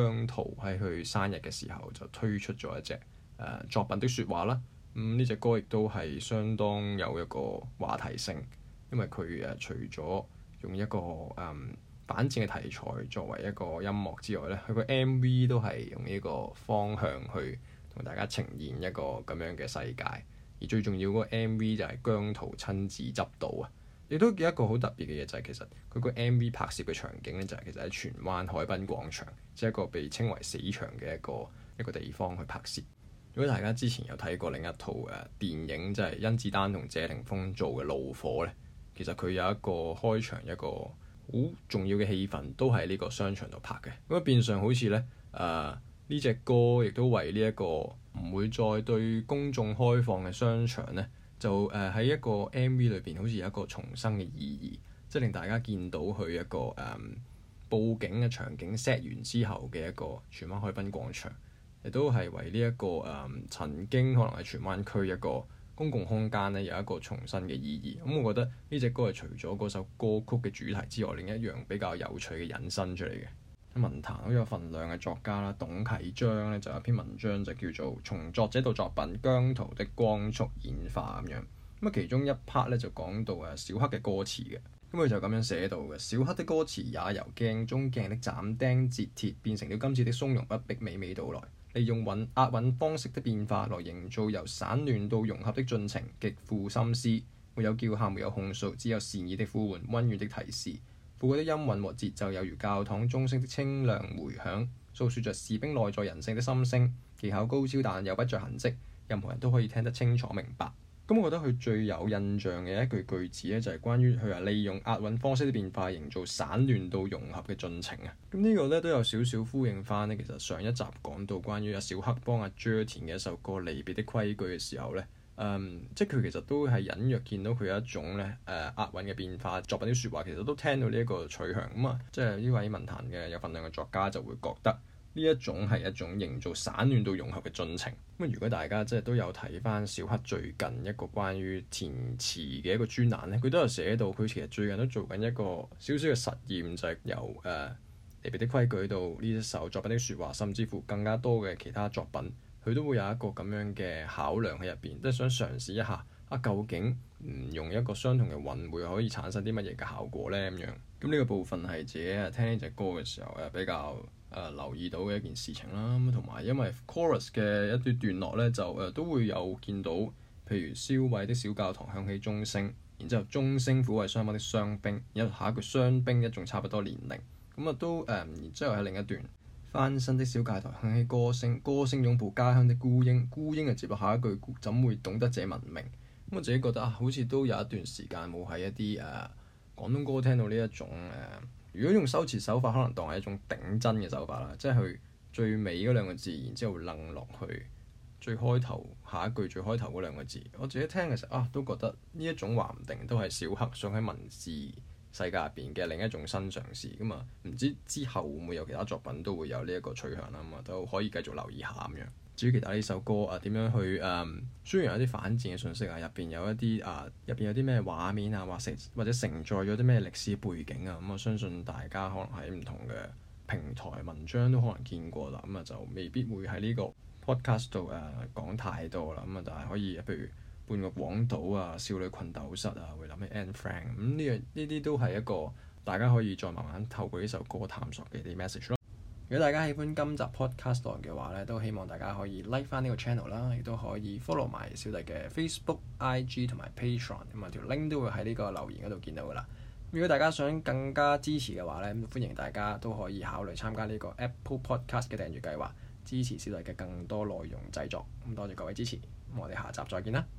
姜濤喺佢生日嘅時候就推出咗一隻作品的説話啦。呢、嗯、隻歌亦都係相當有一個話題性，因為佢誒除咗用一個誒、嗯、反戰嘅題材作為一個音樂之外咧，佢個 MV 都係用呢個方向去同大家呈現一個咁樣嘅世界。而最重要嗰個 MV 就係姜濤親自執導啊！亦都有一個好特別嘅嘢，就係其實佢個 MV 拍攝嘅場景咧，就係其實喺荃灣海濱廣場，即係一個被稱為死場嘅一個一個地方去拍攝。如果大家之前有睇過另一套誒電影，就係甄子丹同謝霆鋒做嘅《怒火》咧，其實佢有一個開場一個好重要嘅戲份，都喺呢個商場度拍嘅。咁啊，變相好似咧，誒呢隻歌亦都為呢一個唔會再對公眾開放嘅商場咧。就誒喺、呃、一個 MV 裏邊，好似有一個重生嘅意義，即係令大家見到佢一個誒、嗯、報警嘅場景 set 完之後嘅一個荃灣海濱廣場，亦都係為呢、這、一個誒、嗯、曾經可能係荃灣區一個公共空間咧，有一個重生嘅意義。咁、嗯、我覺得呢隻歌係除咗嗰首歌曲嘅主題之外，另一樣比較有趣嘅引申出嚟嘅。文壇好有份量嘅作家啦，董啟章呢就有篇文章就叫做《從作者到作品：姜濤的光速演化》咁樣。咁啊，其中一 part 呢就講到啊小克嘅歌詞嘅。咁佢就咁樣寫到嘅， 小克的歌詞也由鏡中鏡的斬釘截鐵，變成了今次的從容不迫、娓娓道來。利用韻押韻方式的變化，來營造由散亂到融合的進程，極富心思。沒有叫喊，沒有控訴，只有善意的呼喚，溫暖的提示。副歌的音韻和節奏，猶如教堂鐘聲的清涼回響，訴說着士兵內在人性的心聲。技巧高超但又不着痕跡，任何人都可以聽得清楚明白。咁我覺得佢最有印象嘅一句句子咧，就係、是、關於佢話利用押韻方式的變化，營造散亂到融合嘅進程啊。這個呢個咧都有少少呼應返咧，其實上一集講到關於阿小克幫阿、啊、Jer 嘅一首歌《離別的規矩》嘅時候咧。誒、嗯，即係佢其實都係隱約見到佢有一種咧誒押韻嘅變化，作品的説話其實都聽到呢一個取向，咁、嗯、啊，即係呢位文壇嘅有份量嘅作家就會覺得呢一種係一種營造散亂到融合嘅進程。咁、嗯、如果大家即係都有睇翻小克最近一個關於填詞嘅一個專欄咧，佢都有寫到佢其實最近都做緊一個少少嘅實驗，就係、是、由誒離別的規矩到呢一首作品的説話，甚至乎更加多嘅其他作品。佢都會有一個咁樣嘅考量喺入邊，即、就、係、是、想嘗試一下啊，究竟唔用一個相同嘅韻可以產生啲乜嘢嘅效果咧？咁樣咁呢個部分係自己啊聽呢隻歌嘅時候誒比較誒、呃、留意到嘅一件事情啦。同埋因為 chorus 嘅一啲段落咧，就誒、呃、都會有見到，譬如燒燬的小教堂響起鐘聲，然之後鐘聲撫慰雙方的傷兵，一下一句傷兵一仲差唔多年齡，咁啊都誒，然之後喺、呃、另一段。翻新的小界台響起歌聲，歌聲擁抱家鄉的孤鷹，孤鷹就接下一句怎會懂得這文明？我自己覺得啊，好似都有一段時間冇喺一啲誒、啊、廣東歌聽到呢一種誒、啊，如果用修辭手法，可能當係一種頂真嘅手法啦，即係佢最尾嗰兩個字，然之後楞落去最開頭下一句最開頭嗰兩個字。我自己聽嘅時候啊，都覺得呢一種話唔定都係小克想喺文字世界入邊嘅另一種新嘗試咁啊，唔知之後會唔會有其他作品都會有呢一個趨向啦嘛，都可以繼續留意下咁樣。至於其他呢首歌啊，點樣去誒、嗯、雖然有啲反戰嘅信息啊，入邊有一啲啊，入邊有啲咩畫面啊，或承或者承載咗啲咩歷史背景啊，咁、嗯、我相信大家可能喺唔同嘅平台文章都可能見過啦，咁啊就未必會喺呢個 podcast 度誒、啊、講太多啦，咁啊就係可以，譬如。半個廣島啊，少女群斗室啊，會諗起 Anne Frank 咁，呢樣呢啲都係一個大家可以再慢慢透過呢首歌探索嘅啲 message 咯。如果大家喜歡今集 podcast 嘅話咧，都希望大家可以 like 翻呢個 channel 啦，亦都可以 follow 埋小弟嘅 Facebook、嗯、IG 同埋 Patreon，咁啊條 link 都會喺呢個留言嗰度見到噶啦。如果大家想更加支持嘅話咧、嗯，歡迎大家都可以考慮參加呢個 Apple Podcast 嘅訂閱計劃，支持小弟嘅更多內容製作。咁、嗯、多謝各位支持，咁我哋下集再見啦～